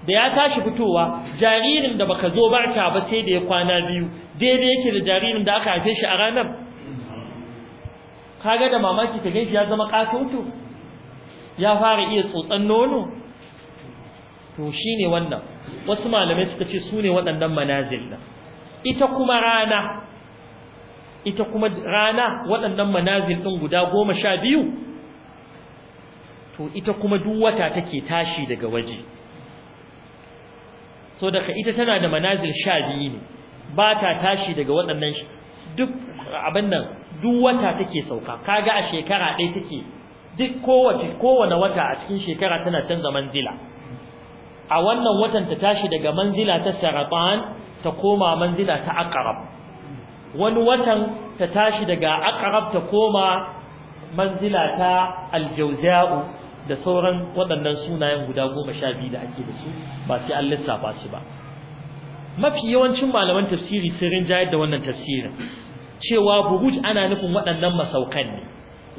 da ya tashi fitowa jaririn da baka zo barka ba sai da ya kwana biyu daidai yake da jaririn da aka haife shi a ranar kaga da mamaki ka ganshi ya zama katoto ya fara iya tsotsan nono to shine wannan wasu malamai suka ce su ne waɗannan manazil din ita kuma rana ita kuma rana waɗannan manazil ɗin guda goma sha biyu to ita kuma duk wata take tashi daga waje so daga ita tana da manazil sha biyu ne ba ta tashi daga waɗannan duk abin nan duk wata take sauka kaga a shekara ɗaya take duk kowace kowane wata a cikin shekara tana canza manzila a wannan watan ta tashi daga manzila ta saratan ta koma manzila ta aqrab wani watan ta tashi daga aqrab ta koma manzila ta aljawza'u da sauran waɗannan sunayen guda goma sha biyu da ake da su ba sai an lissafa su ba mafi yawancin malaman tafsiri sun rinjayar da wannan tafsirin cewa buruj ana nufin waɗannan masaukan ne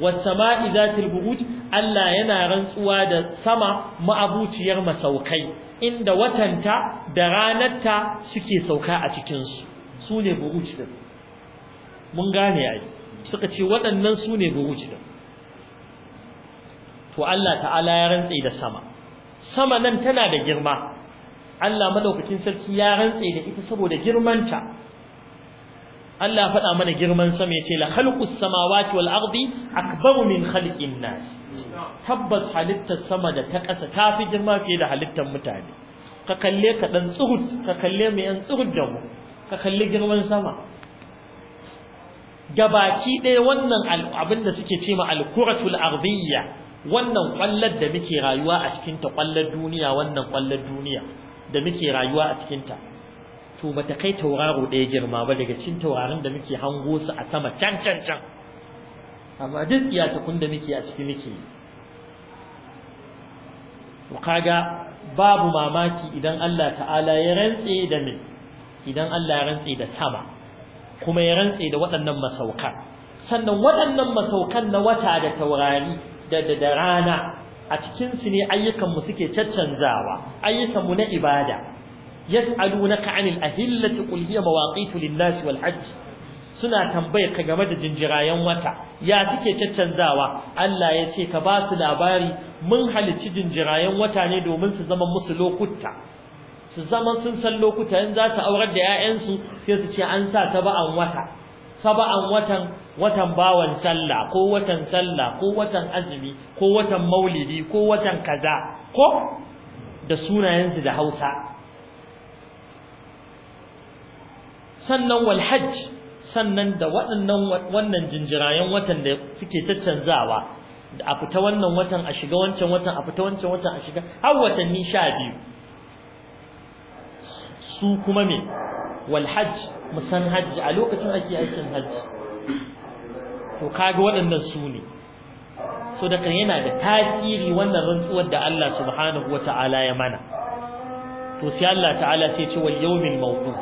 wasama'i zatil buruj Allah yana rantsuwa da sama ma'abuciyar masaukai inda watanta da ranarta suke sauka a cikin su ne buruj din mun gane yayi suka ce waɗannan ne buruj din to Allah ta'ala ya rantsa da sama sama nan tana da girma Allah madaukakin sarki ya rantsa da ita saboda girmanta Allah faɗa mana girman sama ya yace la khalqus samawati wal ardi akbaru min khalqin nas tabbas halittar sama da ta ƙasa tafi girma fiye da halittar mutane ka kalle ka dan tsuhud ka kalle mai an tsuhud da mu ka kalle girman sama gabaki ɗaya wannan abin da suke ce ma alkuratul ardiyya wannan kwallar da muke rayuwa a cikin ta kwallar duniya wannan kwallar duniya da muke rayuwa a cikin ta to bata kai tauraro ɗaya girma ba daga cikin tauraron da muke hango su a sama can can can amma duk iyatakun da muke a ciki muke to kaga babu mamaki idan Allah ta'ala ya rantse da ni, idan Allah ya rantse da sama kuma ya rantse da waɗannan masauka sannan waɗannan masaukan na wata da taurari da da rana a cikin su ne mu suke caccanzawa mu na ibada yas'alunaka 'anil ahillati qul hiya mawaqitu lin-nasi wal-hajj suna tambayar ka game da jinjirayen wata ya take caccanzawa Allah ya ce ka ba su labari mun halicci jinjirayen wata ne domin su zama musu lokuta su zama sun san lokuta in za ta aurar da 'ya'yansu sai su ce an sa ta ba'an wata saba'an watan watan bawan sallah ko watan sallah ko watan azumi ko watan maulidi ko watan kaza ko da sunayensu da Hausa sannan wal hajj sannan da waɗannan wannan jinjirayen watan da suke caccanzawa a fita wannan watan a shiga wancan watan a fita wancan watan a shiga har watanni sha biyu su kuma me wal hajj musan hajji a lokacin ake aikin hajji to kaga waɗannan su ne so da yana da tasiri wannan rantsuwar da Allah subhanahu wata'ala ya mana to sai Allah ta'ala sai ce wal yawmil maw'ud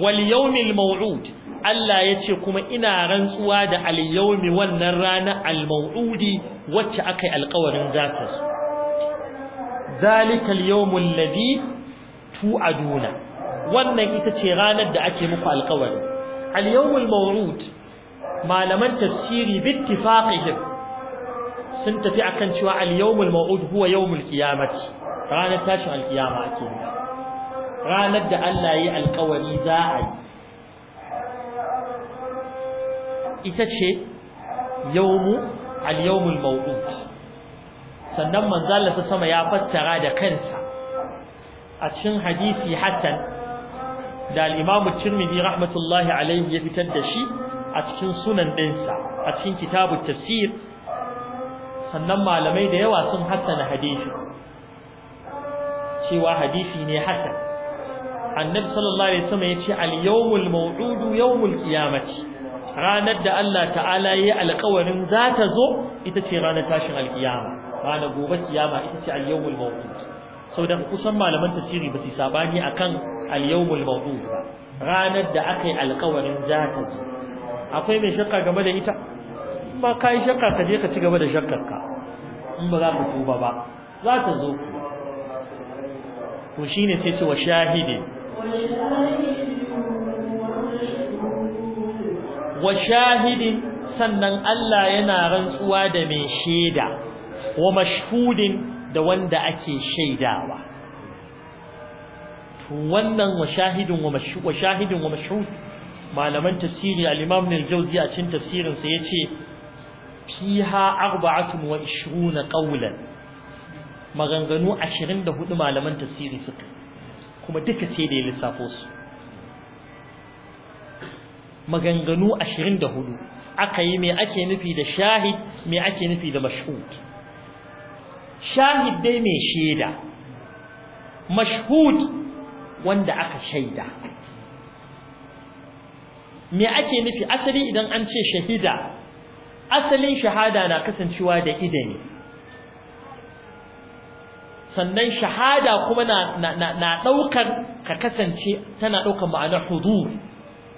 wal yawmil maw'ud Allah yace kuma ina rantsuwa da al yawmi wannan rana al maw'udi wacce akai alƙawarin zata su zalikal yawmul ladhi tu'aduna wannan ita ce ranar da ake muku alƙawari al yawmul maw'ud malaman tafsiri bittifaqihim sun tafi akan cewa al-yawmul maw'ud huwa yawmul qiyamati ranar tashin al-qiyama ake ranar da Allah yi alkawari za a yi ita ce yawmu al-yawmul maw'ud sannan manzo Allah sama ya fassara da kansa a cikin hadisi hasan da al-Imam Tirmidhi rahmatullahi alayhi ya fitar da shi a cikin sunan dinsa a cikin kitabut tafsir sannan malamai da yawa sun hassana hadisi cewa hadisi ne hasan annabi sallallahu alaihi wasallam yace al-yawmul maw'udu yawmul qiyamati ranar da Allah ta'ala yi alƙawarin za ta zo ita ce ranar tashin alƙiyama ranar gobe kiyama ita ce al-yawmul Sau da kusan malaman tafsiri ba su sabani akan al-yawmul maw'ud ba ranar da aka yi alƙawarin za ta zo akwai mai shakka game da ita ma ka yi shakka ka je ka ci gaba da shakkarka in ba za ka tuba ba za ta zo to shine sai ce wa shahidi wa shahidin sannan Allah yana rantsuwa da mai shaida wa mashhudin da wanda ake shaidawa to wannan wa shahidin wa mashhud wa shahidin wa mashhud malaman tafsiri al-Imam Al-Jawzi a cikin tafsirin sa yace fiha arba'atun wa ishruna qawlan maganganu 24 malaman tafsiri suka kuma duka sai da lissafo su maganganu 24 aka yi me ake nufi da shahid me ake nufi da mashhud shahid dai me shaida mashhud wanda aka shaida me ake nufi asali idan an ce shahida asalin shahada na kasancewa da idani sannan shahada kuma na na daukar ka kasance tana daukar ma'anar hudur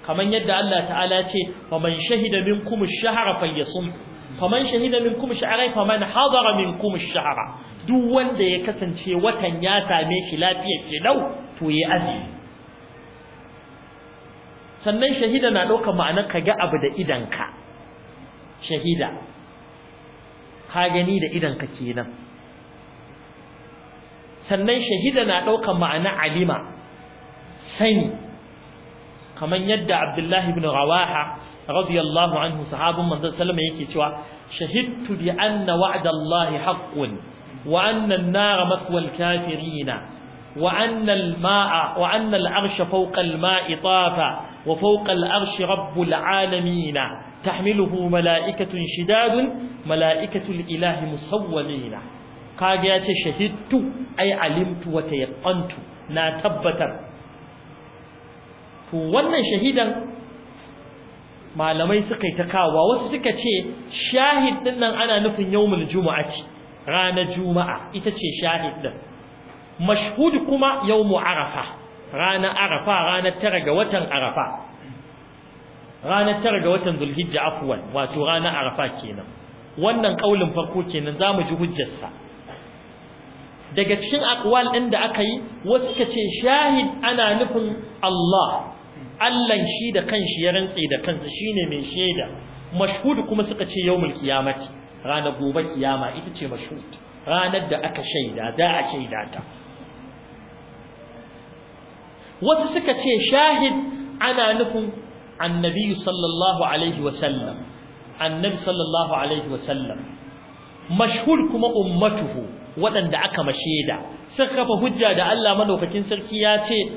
kaman yadda Allah ta'ala ce faman shahida minkum ash-shahra falyasum faman shahida minkum ash-shahra faman hadara minkum ash-shahra duk wanda ya kasance watan ya same shi lafiya ke dau to yi azumi sannan shahida na daukar ma'anar kaga abu da idanka shahida ka gani da idanka ka kenan sannan shahida na ɗaukar ma'ana alima sani kamar yadda abdullahi ibn rawaha radiyallahu anhu sahabin manzon sallama yake cewa shahidtu bi anna wa'dallahi haqqun wa anna an-nar mathwal kafirina وأن الماء وأن العرش فوق الماء طافا وفوق العرش رب العالمين tahmiluhu mala'ikatun shidadun mala'ikatul ilahi musawwalina kaga ya ce shahidtu ai alimtu wa tayaqqantu na tabbatar to wannan shahidan malamai suka yi ta kawo wasu suka ce shahid ɗinnan ana nufin yawmul juma'a ce ranar juma'a ita ce shahid din mashhud kuma yawmu arafa ranar arafa ranar tara ga watan arafa ranar tara ga watan zulhijja afwan wato ranar arafa kenan wannan kaulin farko kenan zamu ji hujjarsa daga cikin aqwal din da aka yi wasu suka ce shahid ana nufin Allah Allah shi da kanshi ya rantse da kansa shine mai shaida mashhud kuma suka ce yawmul qiyamati ranar gobe kiyama ita ce mashhud ranar da aka shaida da a shaida ta wasu suka ce shahid ana nufin annabi sallallahu alaihi wasallam annabi sallallahu alaihi wasallam mashhur kuma ummatuhu waɗanda aka masheda suka kafa hujja da Allah madaukakin sarki ya ce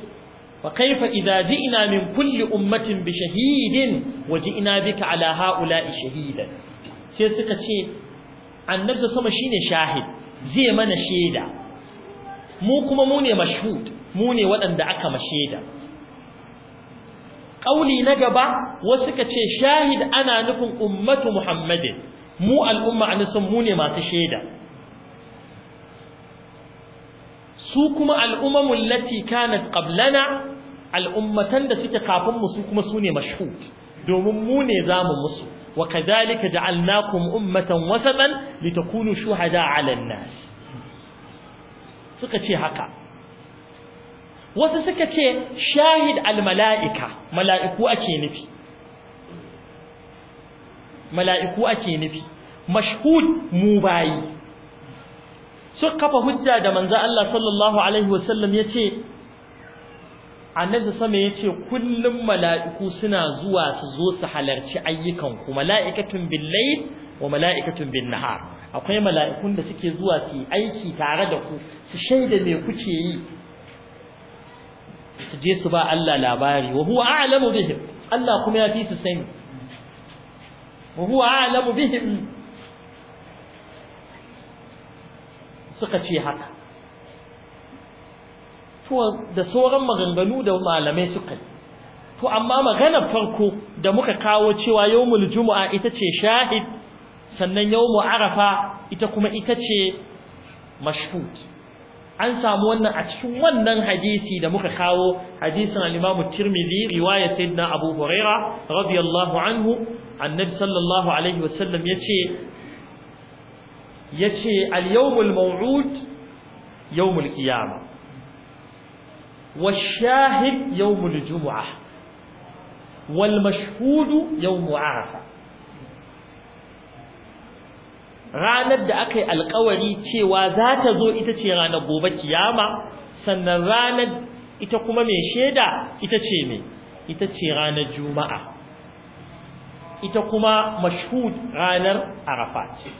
fa kaifa idza ji'na min kulli ummatin bishahidin waje ina ji'na bika ala ha'ula'i sai suka ce annabi sama shine shahid zai mana sheda mu kuma mu ne mashhud mu ne waɗanda aka masheda ƙauli na gaba wasu ka ce shahid ana nufin ummatu muhammadin mu al'umma a nisan mu ne masu shaida su kuma al'ummamun lati kanat qablana al'ummatan da suke kafin mu su kuma su ne mashhud domin mu ne zamu musu wa kadhalika ja'alnakum ummatan wasatan litakunu shuhada 'ala an-nas suka ce haka wasu suka ce shahid almala'ika mala'iku ake nufi mala'iku ake nufi mashhud mu bayi su kafa hujja da manzo Allah sallallahu alaihi wasallam yace annabi sama yace kullum mala'iku suna zuwa su zo su halarci ayyukan ku mala'ikatun bil-layl wa mala'ikatun bin-nahar akwai mala'ikun da suke zuwa su aiki tare da ku su shaida me kuke yi su je su ba Allah labari wa huwa a'lamu bihim Allah kuma ya fi su sani wa huwa a'lamu bihim suka ce haka to da sauran maganganu da malamai suka yi to amma maganar farko da muka kawo cewa yawmul jumu'a ita ce shahid sannan yawmu arafa ita kuma ita ce mashhud an samu wannan a cikin wannan hadisi da muka kawo hadisin al-Imam Tirmidhi riwayar Sayyidina Abu Huraira radiyallahu anhu annabi sallallahu alaihi wasallam yace yace al-yawmul maw'ud yawmul qiyamah wash-shahid yawmul jumu'ah wal mashhud yawm 'arafah ranar da aka yi alkawari cewa za ta zo ita ce ranar gobe kiyama sannan ranar ita kuma mai shaida ita ce mai ita ce ranar juma'a ita kuma mashhud ranar arafa ce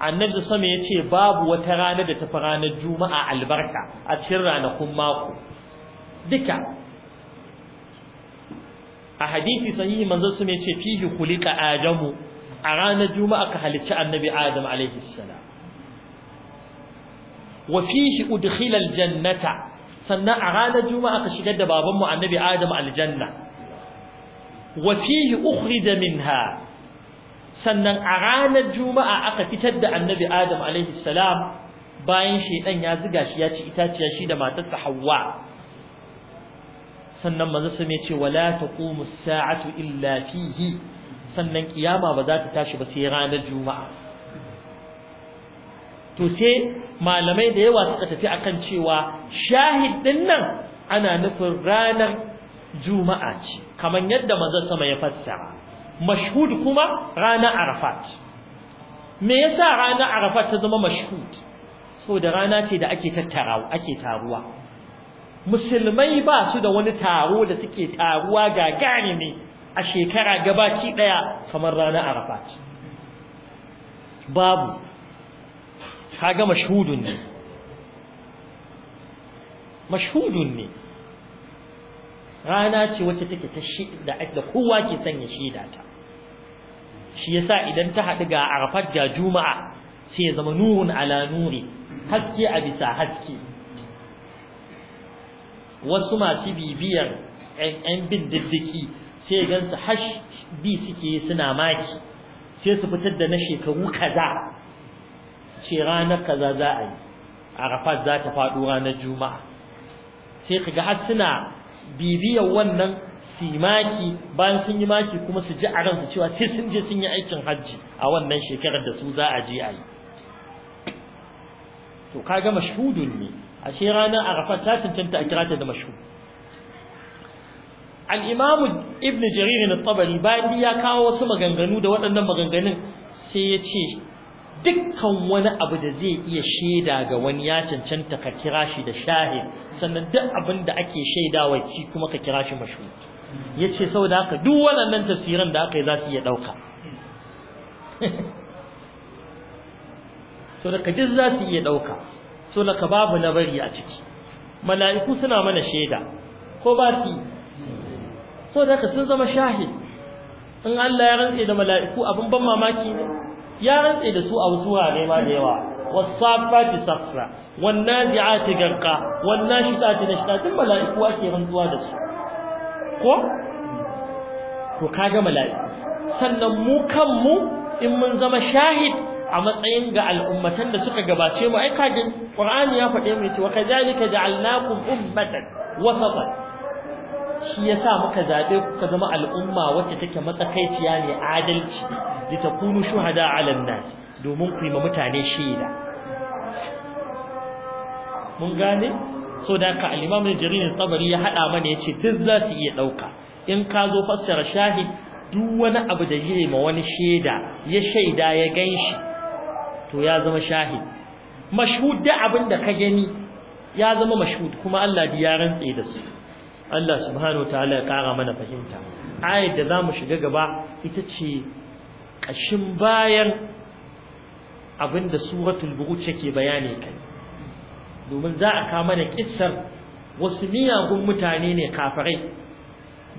annabi sama ya ce babu wata ranar da tafi ranar juma'a albarka a cikin ranakun mako duka a hadithi sahihi manzon su ne ce fihi khuliqa adamu a ranar juma'a ka halicci annabi adam alaihi salam wa fihi udkhila aljannata sannan a ranar juma'a ka shigar da babanmu annabi adam aljanna wa fihi ukhrija minha sannan a ranar juma'a aka fitar da annabi adam alaihi salam bayan shedan ya ziga shi ya ci itaciya shi da matarsa Hauwa. sannan manzo sai ya ce wala taqumu as-sa'atu illa fihi sannan kiyama ba za ta tashi ba sai ranar juma'a to sai malamai da yawa suka tafi akan cewa shahid din nan ana nufin ranar juma'a ce kamar yadda manzo sama ya fassara mashhud kuma ranar arafat me yasa ranar arafat ta zama mashhud saboda rana ce da ake tattara ake taruwa musulmai ba su da wani taro da suke taruwa ga gane ne a shekara gabaci daya kamar ranar arafat babu kaga mashhudun ne mashhudun ne rana ce wacce take ta shi da kowa ke sanya shida ta shi yasa idan ta haɗu ga arafat ga juma'a sai ya zama nurun ala nuri haske a bisa haske wasu masu bibiyar 'yan bin diddiki sai gansu hash bi suke suna maki sai su fitar da na shekaru kaza ce ranar kaza za a yi arafat za ta faɗo ranar juma'a sai ga har suna bibiyar wannan su maki, bayan sun yi maki kuma su ji a ransu cewa sai sun je sun yi aikin hajji a wannan shekarar da su za a je a yi to kaga mashhudun ne ashe ranar arafat ta cancanta a kira ta da mashhud al-imam ibn jarir al-tabari bayan ya kawo wasu maganganu da waɗannan maganganun sai ya ce dukkan wani abu da zai iya shaida ga wani ya cancanta ka kira shi da shahid sannan duk abin da ake shaidawa ki kuma ka kira shi mashhud yace saboda haka duk waɗannan tafsiran da aka yi za su iya ɗauka so da kajin za su iya ɗauka so da ka babu na bari a ciki mala'iku suna mana shaida ko ba su so da ka sun zama shahid in Allah ya rantse da mala'iku abin ban mamaki ne ya rantse da su a wasu wurare ma da yawa wasafati safra wan nazi'ati garqa wan nashitati nashitati mala'iku ake rantsuwa da su ko to kaga mala'iku sannan mu kanmu in mun zama shahid a matsayin ga al'ummatan da suka gabace mu ai kaje Qur'ani ya faɗe mu cewa kadhalika ja'alnakum ummatan wasatan shi yasa muka zaɓe kuka zama al'umma wacce take matsakaiciya ne adalci litakunu shuhada 'ala an-nas domin ku yi ma mutane shaida mun gane so da ka al-imam al-jarir ya hada mana yace duk za su iya ɗauka. in ka zo fassara shahid duk wani abu da yi ma wani shaida ya shaida ya ganshi to ya zama shahid mashhud da abin da ka gani ya zama mashhud kuma Allah ya rantse da su Allah subhanahu wa ta'ala ya kara mana fahimta ayar da zamu shiga gaba ita ce kashin bayan abinda suratul buruj take bayani kai domin za a kawo mana kissar wasu miyagun mutane ne kafirai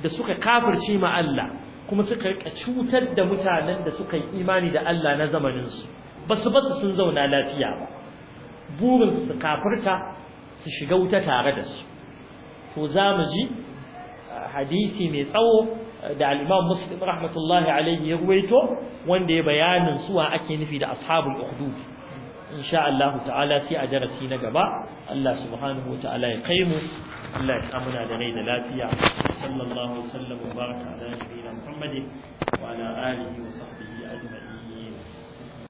da suka kafirce ma Allah kuma suka rika cutar da mutanen da suka yi imani da Allah na zamanin su basu basu sun zauna lafiya ba burin su kafirta su shiga wuta tare da su to za mu ji hadisi mai tsawo da al Muslim rahmatullahi alaihi ya ruwaito wanda ya bayanin suwa ake nufi da ashabul ukhdud insha Allah ta'ala sai a darasi na gaba Allah subhanahu wa ta'ala ya kai mu Allah ya da rai da lafiya sallallahu alaihi wa sallam baraka ala nabiyina Muhammadin wa ala alihi wa sahbihi